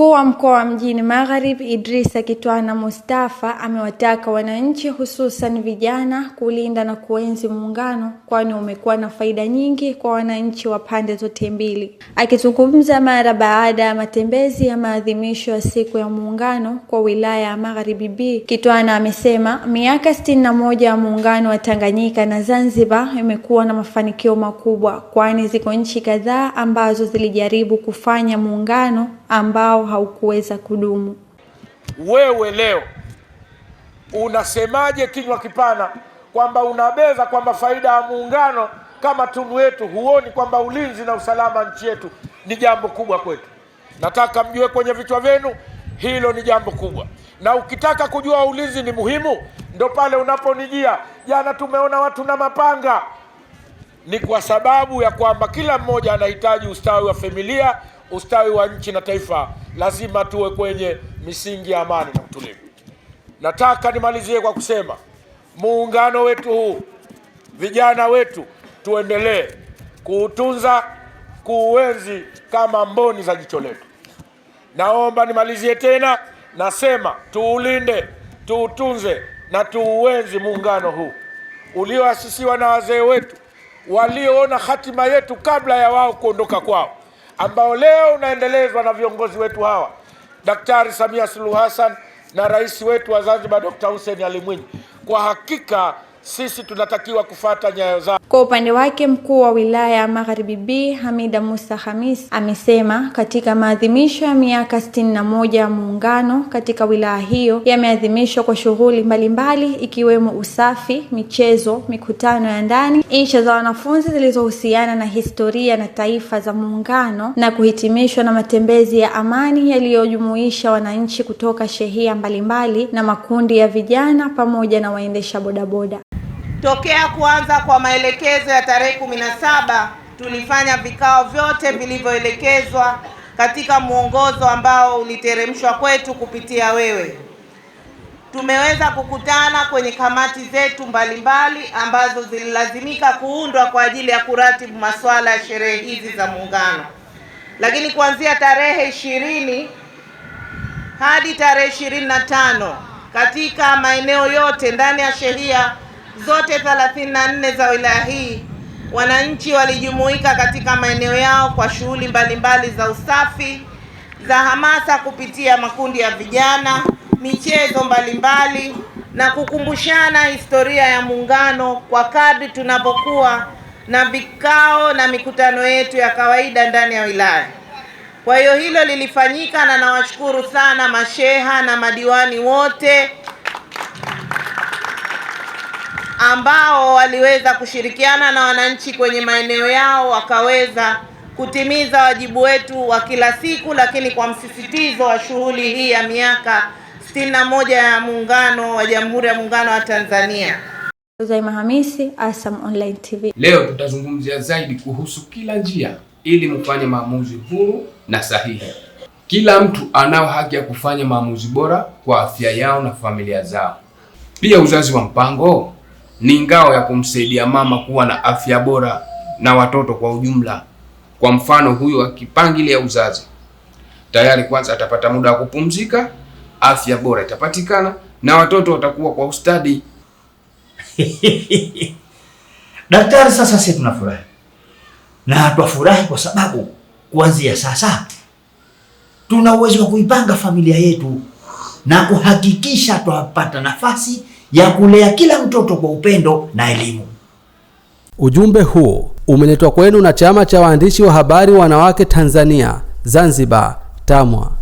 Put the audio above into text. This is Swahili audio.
Mkuu wa mkoa wa Mjini Magharibi idrisa kitwana Mustafa amewataka wananchi hususan vijana kulinda na kuenzi Muungano kwani umekuwa na faida nyingi kwa wananchi wa pande zote mbili. Akizungumza mara baada ya matembezi ya maadhimisho ya Siku ya Muungano kwa wilaya ya Magharibi B, Kitwana amesema miaka sitini na moja ya Muungano wa Tanganyika na Zanzibar imekuwa na mafanikio makubwa, kwani ziko nchi kadhaa ambazo zilijaribu kufanya muungano ambao haukuweza kudumu. Wewe leo unasemaje kinywa kipana kwamba unabeza kwamba faida ya muungano kama tunu yetu, huoni kwamba ulinzi na usalama nchi yetu ni jambo kubwa kwetu? Nataka mjue kwenye vichwa vyenu hilo ni jambo kubwa, na ukitaka kujua ulinzi ni muhimu, ndo pale unaponijia jana, tumeona watu na mapanga. Ni kwa sababu ya kwamba kila mmoja anahitaji ustawi wa familia, ustawi wa nchi na taifa, lazima tuwe kwenye misingi ya amani na utulivu. Nataka nimalizie kwa kusema muungano wetu huu, vijana wetu, tuendelee kuutunza, kuuenzi kama mboni za jicho letu. Naomba nimalizie tena, nasema tuulinde, tuutunze na tuuenzi muungano huu ulioasisiwa na wazee wetu walioona hatima yetu kabla ya wao kuondoka kwao ambao leo unaendelezwa na viongozi wetu hawa Daktari Samia Suluhu Hassan na rais wetu wa Zanzibar Dr. Hussein Ali Mwinyi. Kwa hakika sisi tunatakiwa kufata nyayo zao. Kwa upande wake mkuu wa wilaya ya Magharibi B Hamida Musa Hamis amesema katika maadhimisho ya miaka sitini na moja ya Muungano katika wilaya hiyo yameadhimishwa kwa shughuli mbalimbali ikiwemo usafi, michezo, mikutano ya ndani, insha za wanafunzi zilizohusiana na historia na taifa za Muungano na kuhitimishwa na matembezi ya amani yaliyojumuisha wananchi kutoka shehia mbalimbali na makundi ya vijana pamoja na waendesha bodaboda. Tokea kuanza kwa maelekezo ya tarehe saba tulifanya vikao vyote vilivyoelekezwa katika mwongozo ambao uliteremshwa kwetu kupitia wewe. Tumeweza kukutana kwenye kamati zetu mbalimbali ambazo zililazimika kuundwa kwa ajili ya kuratibu masuala ya sherehe hizi za Muungano, lakini kuanzia tarehe ishirini hadi tarehe ishirini na tano katika maeneo yote ndani ya sheria zote 34 za wilaya hii, wananchi walijumuika katika maeneo yao kwa shughuli mbalimbali za usafi, za hamasa kupitia makundi ya vijana, michezo mbalimbali na kukumbushana historia ya Muungano kwa kadri tunapokuwa na vikao na mikutano yetu ya kawaida ndani ya wilaya. Kwa hiyo hilo lilifanyika, na nawashukuru sana masheha na madiwani wote ambao waliweza kushirikiana na wananchi kwenye maeneo yao wakaweza kutimiza wajibu wetu wa kila siku, lakini kwa msisitizo wa shughuli hii ya miaka sitini na moja ya muungano wa Jamhuri ya Muungano wa Tanzania. Zaima Hamisi, Asam Online TV. Leo tutazungumzia zaidi kuhusu kila njia ili mfanye maamuzi huru na sahihi. Kila mtu anao haki ya kufanya maamuzi bora kwa afya yao na familia zao. Pia uzazi wa mpango ni ngao ya kumsaidia mama kuwa na afya bora na watoto kwa ujumla. Kwa mfano, huyu akipangilia uzazi tayari, kwanza atapata muda wa kupumzika, afya bora itapatikana na watoto watakuwa kwa ustadi. Daktari, sasa sisi tunafurahi na twafurahi kwa sababu kuanzia sasa tuna uwezo wa kuipanga familia yetu na kuhakikisha twapata nafasi ya kulea kila mtoto kwa upendo na elimu. Ujumbe huo umeletwa kwenu na Chama cha Waandishi wa Habari Wanawake Tanzania Zanzibar, TAMWA.